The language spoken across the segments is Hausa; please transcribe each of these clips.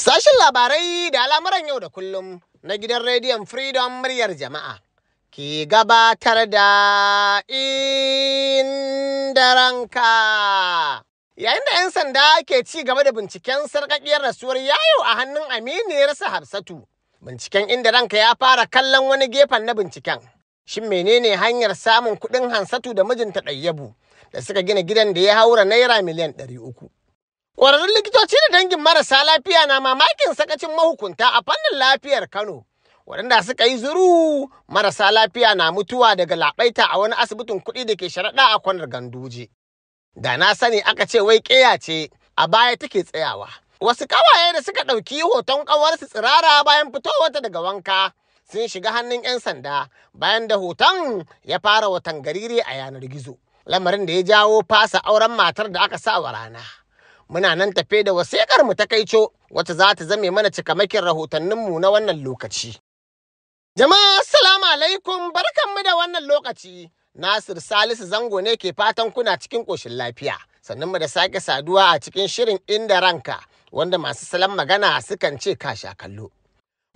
Sashen labarai da al'amuran yau da kullum na gidan rediyon Freedom muryar jama'a ke gabatar da inda Yayin da 'yan sanda ke ci gaba da binciken sarƙaƙiyar rasuwar yayo a hannun aminiyarsa Hafsatu. Binciken inda ranka ya fara kallon wani gefen na binciken. Shin menene hanyar samun kuɗin Hansatu da mijinta ɗayyabu da suka gina gidan da ya haura naira miliyan ɗari uku? Ƙwararrun likitoci da dangin marasa lafiya na mamakin sakacin mahukunta a fannin lafiyar Kano. Waɗanda suka yi zuru marasa lafiya na mutuwa daga labaita a wani asibitin kuɗi da ke sharaɗa a kwanar ganduje. Da na sani aka ce wai ƙeya ce a baya take tsayawa. Wasu ƙawaye da suka ɗauki hoton ƙawarsu tsirara bayan fitowarta daga wanka sun shiga hannun 'yan sanda bayan da hoton ya fara watan gariri a yanar gizo. Lamarin da ya jawo fasa auren matar da aka sa wa rana. muna nan tafe da wasiƙar mu ta kaico wacce za ta zame mana cikamakin rahotannin mu na wannan lokaci. Jama'a assalamu alaikum barkanmu da wannan lokaci. Nasir Salisu Zango ne ke fatan kuna cikin ƙoshin lafiya. Sannan mu da sake saduwa a cikin shirin inda ranka wanda masu salon magana sukan ce ka sha kallo.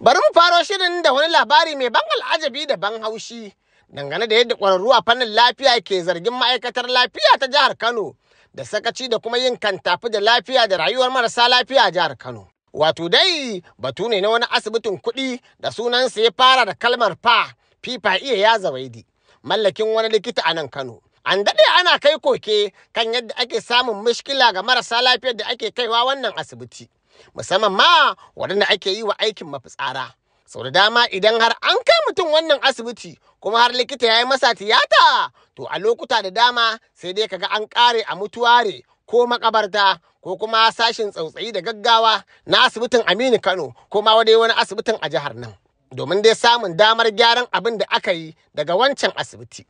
Bari mu faro shirin da wani labari mai ban al'ajabi da ban haushi dangane da yadda ƙwararru a fannin lafiya ke zargin ma'aikatar lafiya ta jihar Kano da sakaci da kuma yin kantafi da lafiya da rayuwar marasa lafiya a jihar Kano. Wato dai batu ne na wani asibitin kuɗi da sunansa ya fara da kalmar fa fifa iya ya zawaidi mallakin wani likita a nan Kano. An daɗe ana kai koke kan yadda ake samun mishkila ga marasa lafiyar da ake kaiwa wannan asibiti. Musamman ma waɗanda ake yi wa aikin mafitsara. sau da dama idan har an kai mutum wannan asibiti kuma har likita ya yi masa tiyata to a lokuta da dama sai dai kaga an ƙare a mutuware ko makabarta ko kuma sashin tsautsayi da gaggawa na asibitin aminu kano ko ma wadai wani asibitin a jihar nan domin dai samun damar gyaran abin da aka yi daga wancan asibiti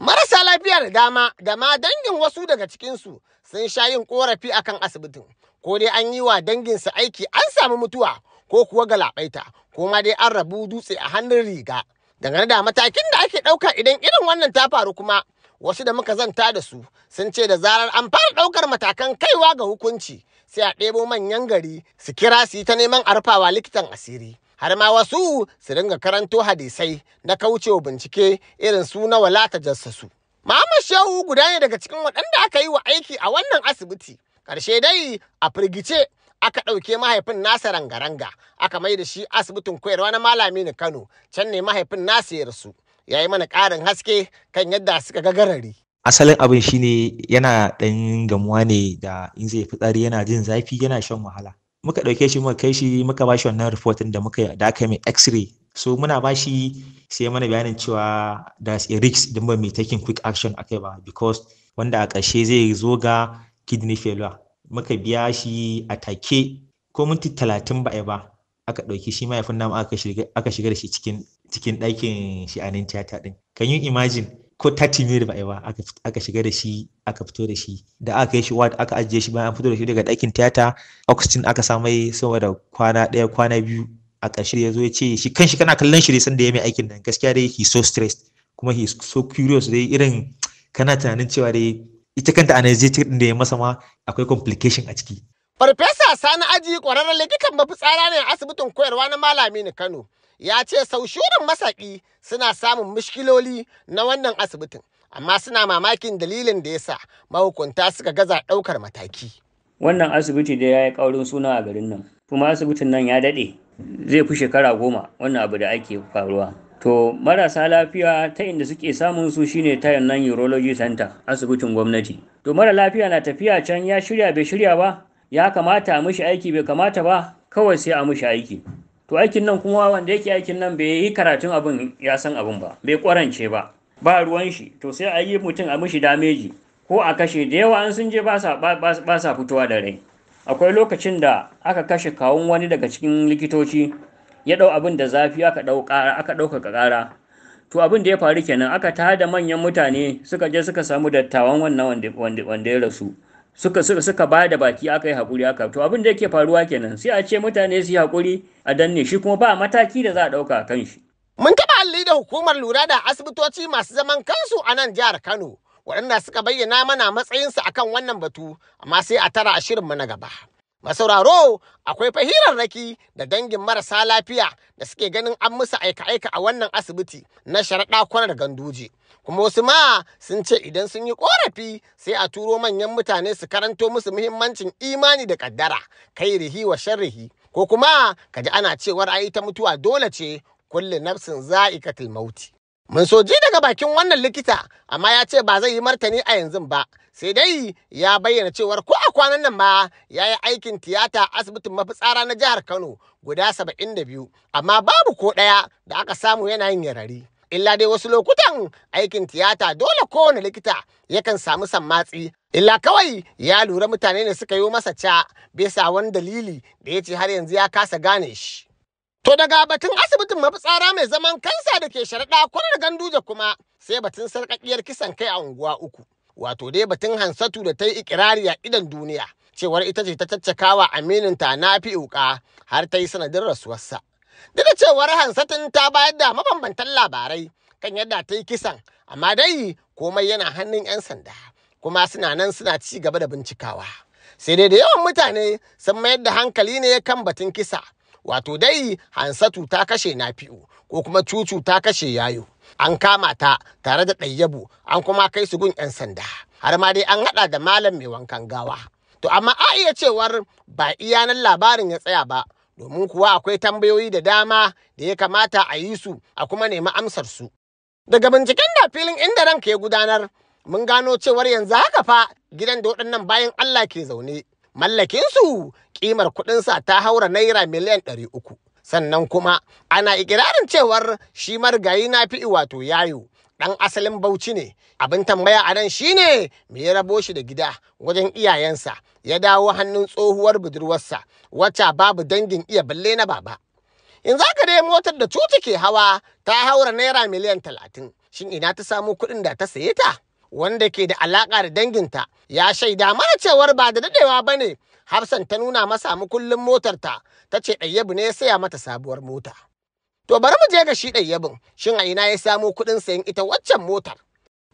marasa lafiya da dama da ma dangin wasu daga cikinsu sun sha yin korafi akan asibitin ko dai an yi wa danginsu aiki an samu mutuwa ko kuwa galabaita kuma dai an rabu dutse a hannun riga dangane da matakin da ake ɗauka idan irin wannan ta faru kuma wasu da muka zanta da su sun ce da zarar an fara ɗaukar matakan kaiwa ga hukunci sai a ɗebo manyan gari su kira su yi ta neman arfawa likitan asiri har ma wasu su dinga karanto hadisai na kaucewa bincike irin su na walata jassasu Muhammad Shehu guda ne daga cikin waɗanda aka yi wa aiki a wannan asibiti ƙarshe dai a firgice aka ɗauke mahaifin nasa rangaranga aka mai da shi asibitin koyarwa na malami na kano can ne mahaifin nasa ya rasu ya yi mana ƙarin haske kan yadda suka ga garari asalin abin shine yana ɗan gamuwa ne da in zai fitsari yana jin zafi yana shan wahala muka ɗauke shi muka kai shi muka ba shi wannan reportin da muka da aka mai x-ray so muna ba shi sai mana bayanin cewa da a risk din ba mai taking quick action akai ba because wanda a ƙarshe zai zo ga kidney failure muka biya shi a take ko minti talatin ba ba aka ɗauki shi mahaifin nama aka shiga da shi cikin cikin ɗakin shi a nan tiyata ɗin can you imagine ko 30 minutes ba ba aka shiga da shi aka fito da shi da aka yi shi ward aka ajiye shi bayan an fito da shi daga ɗakin tiyata oxygen aka samai yi saboda kwana ɗaya kwana biyu a ƙarshe ya zo ya ce shi kanshi kana kallon shi sanda ya mai aikin nan gaskiya dai he so stressed kuma he so curious dai irin kana tunanin cewa dai ita kanta anesthetic din da ya masa ma akwai complication a ciki Farfesa Sani Aji ƙwararren likitan mafitsara ne a asibitin koyarwa na Malami ni Kano ya ce sau shurin masaƙi suna samun mushkiloli na wannan asibitin amma suna mamakin dalilin da yasa mahukunta suka gaza ɗaukar mataki. Wannan asibiti da ya yi ƙaurin suna a garin nan kuma asibitin nan ya daɗe zai fi shekara goma wannan abu da ake faruwa. to marasa lafiya ta inda suke samun su shine ta nan urology center asibitin gwamnati to mara lafiya na tafiya can ya shirya bai shirya ba ya kamata a mishi aiki bai kamata ba kawai sai a mishi aiki to aikin nan kuma wanda yake aikin nan bai yi karatun abin ya san abin ba bai kwarance ba ba ruwan shi to sai a yi mutum a mishi dameji ko a kashe da yawa an sun je ba sa fitowa da rai akwai lokacin da aka kashe kawun wani daga cikin likitoci ya ɗau abin da zafi aka ɗaukaka ƙara to abin da ya faru kenan aka ta tada manyan mutane suka je suka samu dattawan wannan wanda ya rasu suka suka suka ba da baki aka yi haƙuri aka to abin da yake faruwa kenan sai a ce mutane su yi haƙuri a danne shi kuma ba mataki da za a ɗauka kan shi. Mun taɓa halli da hukumar lura da asibitoci masu zaman kansu a nan jihar Kano waɗanda suka bayyana mana matsayinsu akan wannan batu amma sai a tara a shirinmu na gaba. Masauraro akwai fahirarraki da dangin marasa lafiya da suke ganin an musu aika-aika a wannan asibiti na sharaɗa kwanar ganduje. Kuma wasu ma sun ce idan sun yi ƙorafi sai a turo manyan mutane su karanto musu muhimmancin imani da ƙaddara, kai rihi wa sharrihi, ko kuma kaji ana cewar ai ta mutuwa dole ce kullum nafsin za'ika mauti. Mun so ji daga bakin wannan likita, amma ya ce ba zai yi martani a yanzu ba. Sai dai ya bayyana cewar ko a kwanan nan ma ya yi aikin tiyata asibitin mafitsara na jihar Kano guda saba'in da biyu, amma babu ko ɗaya da aka samu yana yin yarari. Illa dai wasu lokutan aikin tiyata dole kowane likita yakan samu sammatsi. Illa kawai ya lura mutane ne suka yi masa ca bisa wani dalili da ya ce har yanzu ya kasa gane shi. To daga batun asibitin mafitsara mai zaman kansa da ke sharaɗa kwarar ganduje kuma sai batun sarƙaƙiyar kisan kai a unguwa uku. Wato dai batun Hansatu da ta yi ikirari a idon duniya cewar ita ce ta caccakawa ta na fi uka har ta yi sanadin rasuwarsa. Duk da cewar hansatin ta bayar da mabambantan labarai kan yadda ta yi kisan amma dai komai yana hannun 'yan sanda kuma suna nan suna ci gaba da bincikawa. Sai dai da yawan mutane sun mayar da hankali ne kan batun kisa. wato dai hansatu ta kashe nafi'u ko kuma cucu ta kashe yayo an kama ta tare da ɗayyabu an kuma kai su gun 'yan sanda har ma dai an haɗa da malam mai wankan gawa to amma a iya cewar ba iya nan labarin ya tsaya ba domin kuwa akwai tambayoyi da dama da ya kamata a yi su a kuma nemi amsar su daga binciken da filin inda ranka ya gudanar mun gano cewar yanzu haka fa gidan da waɗannan bayan Allah ke zaune mallakinsu kimar kuɗinsa ta haura naira miliyan ɗari uku sannan kuma ana ikirarin cewar shi marigayi na fi wato yayo ɗan asalin bauchi ne abin tambaya a nan shine me ya rabo shi da gida wajen iyayensa ya dawo hannun tsohuwar budurwarsa wacce babu dangin iya balle na baba in za ka dai motar da cuci ke hawa ta haura naira miliyan talatin shin ina ta samu kuɗin da ta saye ta wanda ke da alaƙa da danginta ya shaida mana cewar ba da dadewa ba ne hafsan ta nuna masa mukullin motar ta ce ɗayyabu ne ya saya mata sabuwar mota to bari mu je ga shi ɗayyabin shin a ina ya samo kuɗin sayan ita waccan motar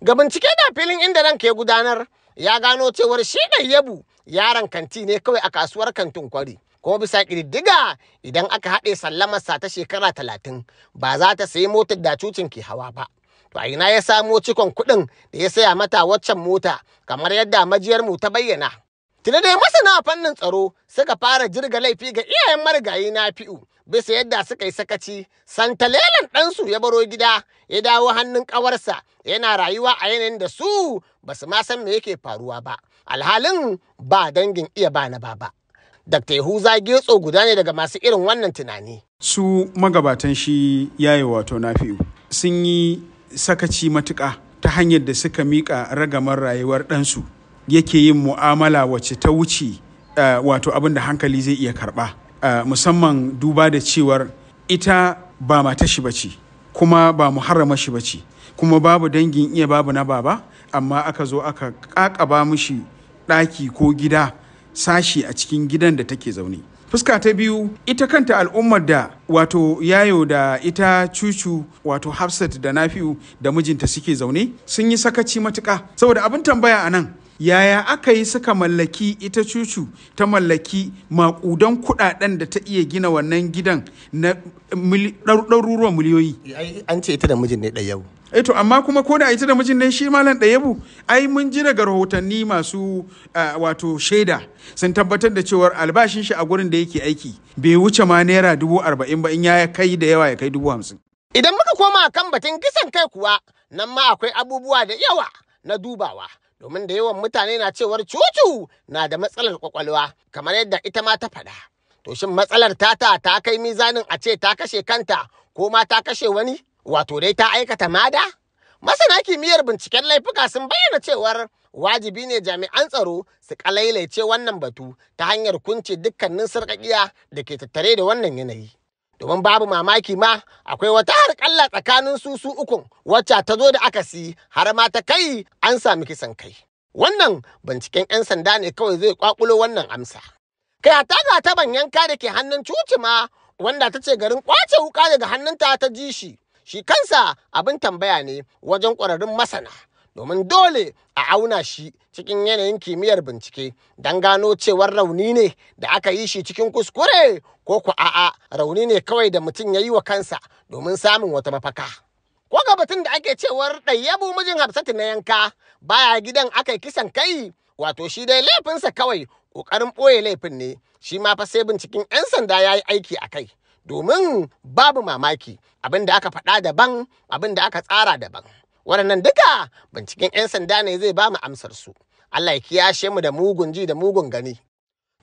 ga bincike da filin inda ran ke gudanar ya gano cewar shi ɗayyabu yaron kanti ne kawai a kasuwar kantin kwari kuma bisa ƙididdiga idan aka haɗe sallamarsa ta shekara talatin ba za ta sayi motar da cucin ke hawa ba to a ina ya samo cikon kuɗin da ya saya mata waccan mota kamar yadda majiyarmu ta bayyana. Tuna dai masana fannin tsaro suka fara jirga laifi ga iyayen marigayi na fi'u bisa yadda suka yi sakaci santalelan ɗansu ya baro gida ya dawo hannun ƙawarsa yana rayuwa a yanayin da su ba su ma san me yake faruwa ba alhalin ba dangin iya ba na baba. Dr. Yahuza Getso guda ne daga masu irin wannan tunani. Su magabatan shi yaye wato na fi'u sun yi sakaci matuƙa ta hanyar da suka miƙa ragamar rayuwar ɗansu yake yin mu'amala wacce ta wuce uh, wato abin da hankali zai iya karɓa uh, musamman duba da cewar ita ba mata shi bace kuma ba harama shi bace kuma babu dangin iya babu na baba amma aka zo aka ƙaƙaba mishi ɗaki ko gida sashi a cikin gidan da take zaune fuska ta biyu ita kanta al'ummar da wato yayo da ita cucu wato hafsat da nafi'u da mijinta suke zaune sun yi sakaci matuka saboda abin tambaya a nan yaya aka yi suka mallaki ita cucu ta mallaki makudan kudaden da ta iya gina wannan gidan na ɗaruruwa miliyoyi an ce ita da mijin ne ɗaya yau eto eh amma kuma ko da ita da mijin ne shi malam ɗayabu ai mun ji daga rahotanni masu wato shaida sun tabbatar da cewar albashin shi a gurin da yake aiki bai wuce ma naira dubu arba'in ba in ya kai da yawa ya kai dubu hamsin idan muka koma kan batun kisan kai kuwa nan ma akwai abubuwa da yawa na dubawa domin da yawan mutane na cewar cucu na da matsalar kwakwalwa kamar yadda ita ma ta faɗa to shin matsalar tata ta kai mizanin a ce ta kashe kanta ko ma ta kashe wani wato dai ta aikata mada masana kimiyyar binciken laifuka sun bayyana cewar wajibi ne jami'an tsaro su kalailaice wannan batu ta hanyar kunce dukkanin sarƙaƙiya da ke tattare da wannan yanayi domin babu mamaki ma akwai wata harƙalla tsakanin su su ukun wacce ta zo da aka si har ma ta kai an sami kisan kai wannan binciken 'yan sanda ne kawai zai kwakulo wannan amsa kai ta ga ta ban yanka da ke hannun cuci ma wanda ta ce garin kwace wuka daga hannunta ta ji shi shi kansa abin tambaya ne wajen ƙwararrun masana domin dole a auna shi cikin yanayin kimiyyar bincike don gano cewar rauni ne da aka yi shi cikin kuskure ko ku a'a rauni ne kawai da mutum ya yi wa kansa domin samun wata mafaka. Ko ga batun da ake cewar ɗayyabu mijin Hafsatu na yanka baya gidan aka kisan kai wato shi dai laifinsa kawai ƙoƙarin ɓoye laifin ne shi ma fa sai bincikin 'yan sanda ya yi aiki a kai domin babu mamaki abin da aka faɗa daban abin da aka tsara daban. Waɗannan duka binciken 'yan sanda ne zai ba mu amsar su. Allah ya kiyashe mu da mugun ji da mugun gani.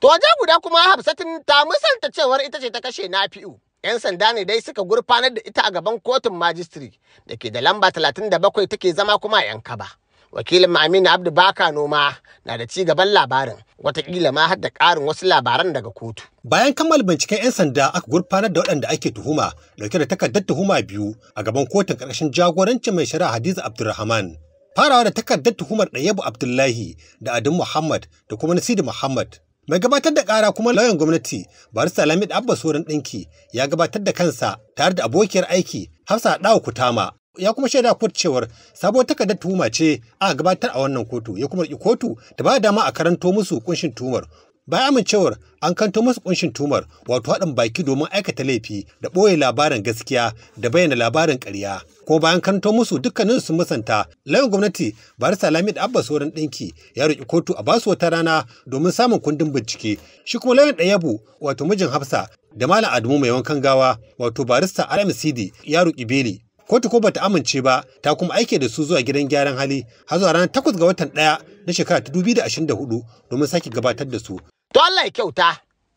To waje guda kuma Hafsatun ta misalta cewar ita ce ta kashe Nafi'u. 'Yan sanda ne dai suka gurfanar da ita a gaban kotun majistri da ke da lamba talatin da bakwai take zama kuma 'yan kaba. Wakilin Aminu Abdu Baka Noma na da ci gaban labarin, watakila ma har da ƙarin wasu labaran daga kotu. Bayan kammala binciken 'yan sanda aka gurfanar da waɗanda ake tuhuma dauke da takardar tuhuma biyu a gaban kotun ƙarƙashin jagorancin mai shari'a Hadiza Abdulrahman. Farawa da takardar tuhumar Ɗayyabu Abdullahi da Adin Muhammad da kuma Nasidi Muhammad. Mai gabatar da ƙara kuma lauyan gwamnati Barista Lamid Abba wurin Ɗinki ya gabatar da kansa tare da abokiyar aiki Hafsa Ɗawa Kutama. Ya kuma shaida kotu cewar sabuwar takardar tuhuma ce a gabatar a wannan kotu ya kuma kotu ta ba dama a karanto musu kunshin tuhumar Bayan amincewar an kanto masu kunshin tumar wato haɗin baki domin aikata laifi da ɓoye labarin gaskiya da bayyana labarin ƙarya. Ko bayan kanto musu dukkanin su musanta layin gwamnati barista da Abba sauran ɗinki ya roƙi kotu a basu wata rana domin samun kundin bincike. Shi kuma lauyan Ɗayabu wato mijin Hafsa da Malam Adamu mai wankan gawa wato barista rmcd Sidi ya roƙi beli kotu ko bata amince ba ta kuma aike da su zuwa gidan gyaran hali har zuwa ranar takwas ga watan ɗaya na shekara ta hudu domin sake gabatar da su To Allah ya kyauta.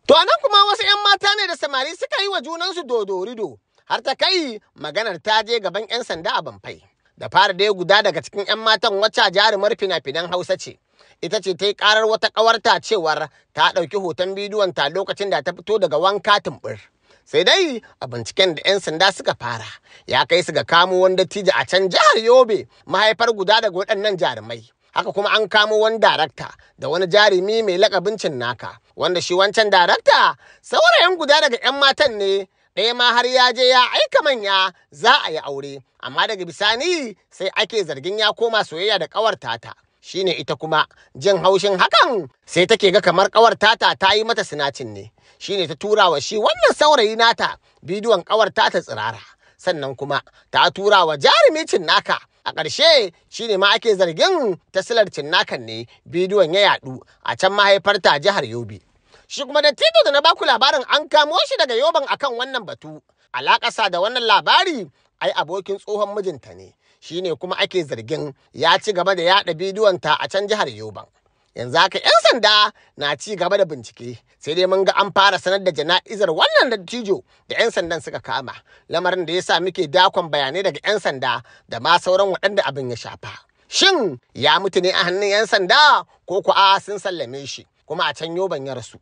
To anan kuma wasu 'yan mata ne da samari suka yi wa junansu dodorido har ta kai maganar ta je gaban 'yan sanda a Banfai. Da fara dai guda daga cikin 'yan matan wacce jarumar fina-finan Hausa ce. Ita ce ta yi karar wata ƙawarta cewar ta ɗauki hoton bidiyon ta lokacin da ta fito daga wanka tumbur. Sai dai a binciken da 'yan sanda suka fara ya kai su ga kamo wani dattijo a can jihar Yobe mahaifar guda daga waɗannan jarumai. haka kuma an kamo wani darakta da wani jarumi mai lakabin naka. wanda shi wancan darakta saurayin guda daga 'yan matan ne ɗaya ma har ya je ya aika manya za a yi aure amma daga bisani sai ake zargin ya koma soyayya da ƙawar tata shine ita kuma jin haushin hakan sai take ga kamar ƙawar tata ta yi mata sinacin ne shine ta tura wa shi wannan saurayi nata bidiyon ƙawar tata tsirara sannan kuma ta tura wa jarumi cin naka. a ƙarshe shi ne ma ake zargin ta silar cinnakan ne bidiyon ya yaɗu a can mahaifarta jihar yobe shi kuma da tito da na baku labarin an kamo shi daga yoban akan wannan batu alaƙasa da wannan labari ai abokin tsohon mijinta ne Shi ne kuma ake zargin ya ci gaba da yaɗa bidiyonta a can jihar yoban yanzu haka 'yan sanda na ci gaba da bincike sai dai mun ga an fara sanar da jana'izar wannan dattijo da 'yan sandan suka kama lamarin da ya sa muke dakon bayanai daga 'yan sanda da ma sauran waɗanda abin ya shafa shin ya mutu ne a hannun 'yan sanda ko kuwa sun sallame shi kuma a can yoban ya rasu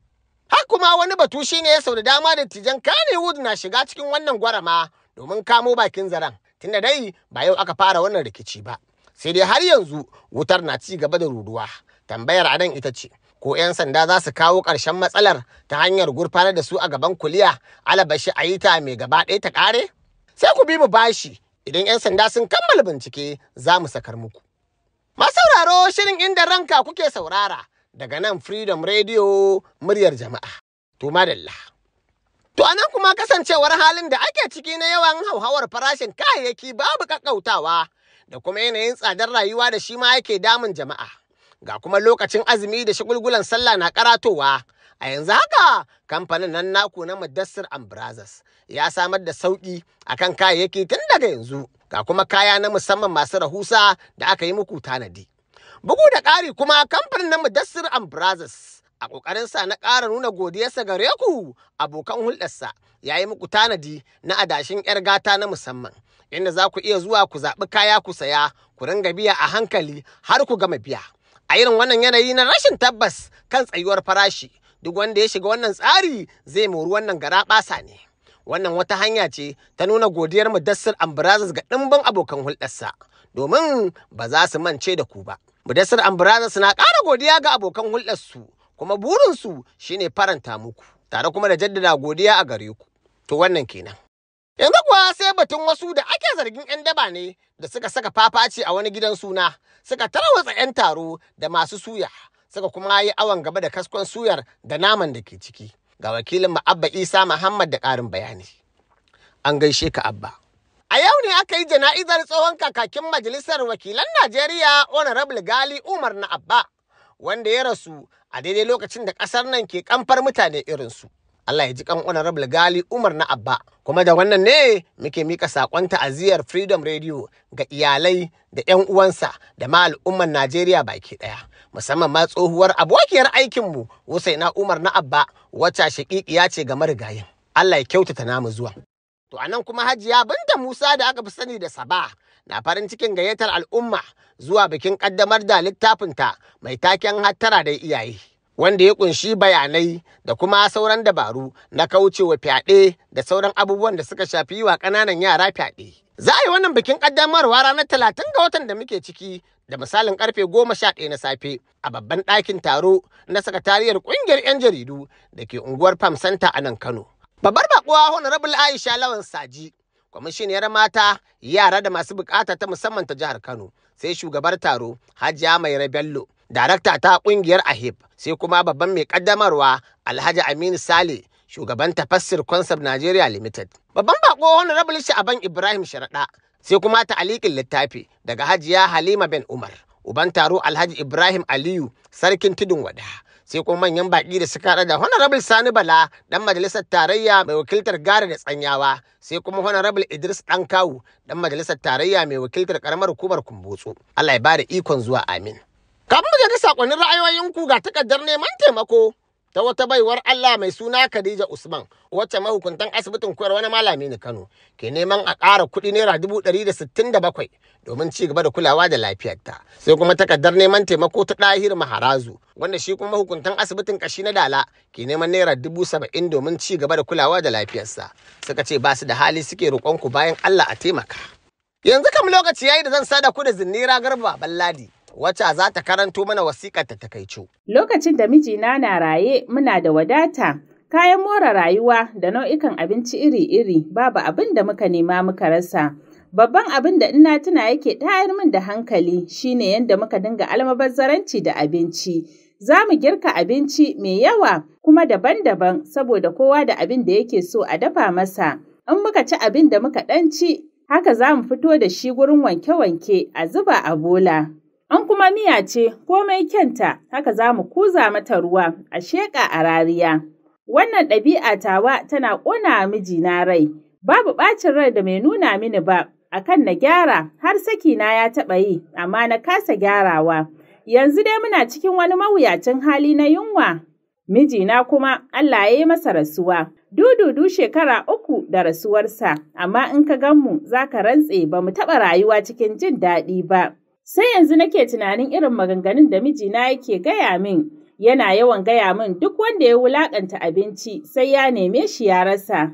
har kuma wani batu shi shine sau da dama dattijan tijan kanewood na shiga cikin wannan gwarama domin kamo bakin zaren tunda dai ba yau aka fara wannan rikici ba sai dai har yanzu wutar na ci gaba da ruruwa tambayar a nan ita ce ko 'yan sanda za su kawo ƙarshen matsalar ta hanyar gurfanar da su a gaban kuliya alabashi a yi ta mai gaba ɗaya ta ƙare sai ku bi mu bashi idan 'yan sanda sun kammala bincike za mu sakar muku masauraro shirin inda ranka kuke saurara daga nan freedom radio muryar jama'a to madalla To anan kuma kasancewar halin da ake ciki na yawan hauhawar farashin kayayyaki babu kakkautawa da kuma yanayin tsadar rayuwa da shi ma yake damun jama'a. ga kuma lokacin azumi da shagulgulan sallah na karatowa a yanzu haka kamfanin nan naku na madassar ambrazas ya samar da sauƙi akan kayayyaki tun daga yanzu ga kuma kaya na musamman masu rahusa da aka yi muku tanadi bugu da ƙari kuma kamfanin na madassar ambrazas a sa na ƙara nuna godiyarsa gare ku abokan hulɗarsa ya yi muku tanadi na adashin 'yar gata na musamman inda za ku iya zuwa ku zaɓi kaya ku saya ku ringa biya a hankali har ku gama biya a irin wannan yanayi na rashin tabbas kan tsayuwar farashi duk wanda ya shiga wannan tsari zai mori wannan garaɓasa ne wannan wata hanya ce ta nuna godiyar dasar ambrazas ga ɗimbin abokan hulɗarsa domin ba za su mance da ku ba Mu dasar ambrazas na ƙara godiya ga abokan hulɗarsu kuma burinsu shine faranta muku tare kuma da jaddada godiya a gare ku to wannan kenan Yanzu kuwa sai batun wasu da ake zargin 'yan daba ne da suka saka fafaci a wani gidan suna, suka tarwatsa 'yan taro da masu suya, suka kuma yi awon gaba da kaskon suyar da naman da ke ciki. Ga wakilin Abba Isa Muhammad da ƙarin bayani. An gaishe ka Abba. A yau ne aka yi jana'izar tsohon kakakin Majalisar Wakilan Najeriya Honorable Gali Umar na Abba, wanda ya rasu a daidai lokacin da ƙasar nan ke kamfar mutane irin su. Allah ya ji kan honorable Gali Umar na Abba kuma da wannan ne muke mika sakon ta'aziyar Freedom Radio ga iyalai da 'yan uwansa da ma al'ummar Najeriya baki ɗaya, musamman ma tsohuwar abokiyar aikinmu Husaina Umar na Abba wacce shaƙiƙiya ce ga marigayin Allah ya kyautata namu zuwa to a nan kuma Hajiya Binta Musa da aka fi sani da Saba na farin cikin gayyatar al'umma zuwa bikin ƙaddamar da littafinta mai taken hattara da iyaye wanda ya kunshi bayanai da kuma sauran dabaru na kaucewa fyaɗe da sauran abubuwan da suka shafi yi wa ƙananan yara fyaɗe. Za a yi wannan bikin ƙaddamarwa ranar talatin ga watan da muke ciki da misalin karfe goma sha ɗaya na safe a babban ɗakin taro na sakatariyar ƙungiyar 'yan jaridu da ke unguwar Fam Santa a nan Kano. Babbar bakuwa Honorable Aisha Lawan Saji, kwamishiniyar mata, yara da masu bukata ta musamman ta jihar Kano, sai shugabar taro Hajiya Mai Bello darakta ta kungiyar ahib sai kuma babban mai kaddamarwa alhaji aminu sale shugaban tafassir concept nigeria limited babban bako honorable sha'aban ibrahim sharaɗa sai kuma ta alikin littafi daga hajiya halima ben umar uban taro alhaji ibrahim aliyu sarkin tudun wada sai kuma manyan baƙi da suka haɗa da honorable sani bala ɗan majalisar tarayya mai wakiltar gara da tsanyawa sai kuma honorable idris dan kawu dan majalisar tarayya mai wakiltar karamar hukumar kumbotso allah ya bada ikon zuwa amin Kafin mu da sakonnin ra'ayoyinku ga takardar neman taimako ta wata baiwar Allah mai suna Khadija Usman wacce mahukuntan asibitin koyar wani malami ne Kano ke neman a ƙara kuɗi naira dubu ɗari da sittin da bakwai domin ci gaba da kulawa da lafiyarta sai kuma takardar neman taimako ta ɗahir maharazu wanda shi kuma mahukuntan asibitin kashi na dala ke neman naira dubu saba'in domin ci gaba da kulawa da lafiyarsa suka ce ba su da hali suke roƙonku bayan Allah a taimaka yanzu kam lokaci yayi da zan sada ku da zinnira garba balladi wacce za ta karanto mana wasiƙar ta takaicu. Lokacin da mijina na raye muna da wadata, kayan more rayuwa da nau'ikan abinci iri-iri babu abin da muka nema muka rasa. Babban abin da ina tuna yake tayar min da hankali shine yadda muka dinga almabazzaranci da abinci. Za mu girka abinci mai yawa kuma daban-daban saboda kowa da abin da yake so a dafa masa. In muka ci abin da muka ɗan ci, haka za mu fito da shi gurin wanke-wanke a zuba a bola. An kuma miya ce komai kyanta, haka za mu kuza mata ruwa a sheƙa a rariya. Wannan ɗabi'a tawa tana ƙona wa mijina rai, babu ɓacin rai da mai nuna mini ba, a kan na gyara har sakina ya taɓa yi, amma na kasa gyarawa. Yanzu dai muna cikin wani mawuyacin hali na yunwa. Mijina kuma Allah ya yi masa rasuwa, dududu shekara uku da rasuwarsa, amma in ka gan mu za ka rantse ba mu taɓa rayuwa cikin jin daɗi ba. Sai yanzu nake tunanin irin maganganun da mijina yake gaya min, yana yawan gaya min duk wanda ya wulaƙanta abinci sai ya neme shi ya rasa.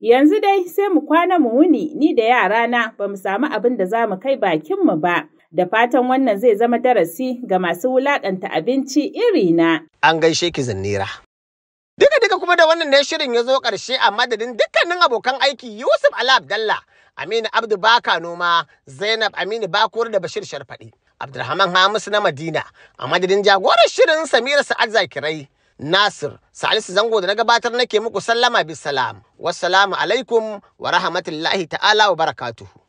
Yanzu dai sai mu kwana mu wuni ni da yarana ba mu samu abin da za mu kai bakin mu ba. Da fatan wannan zai zama darasi ga masu wulaƙanta abinci irina. An gaishe ki zinnira. Duka duka kuma da wannan ne shirin ya zo ƙarshe a madadin dukkanin abokan aiki Yusuf Ali Abdallah Aminu Abdu Baka Noma, Zainab Aminu Bakor da Bashir Sharfaɗi. Abdulrahman Hamisu na Madina a madadin jagoran shirin Samira Sa'ad Zakirai. Nasir Salisu Zango da na gabatar nake muku sallama salam Wassalamu alaikum wa rahmatullahi ta'ala wa barakatuhu.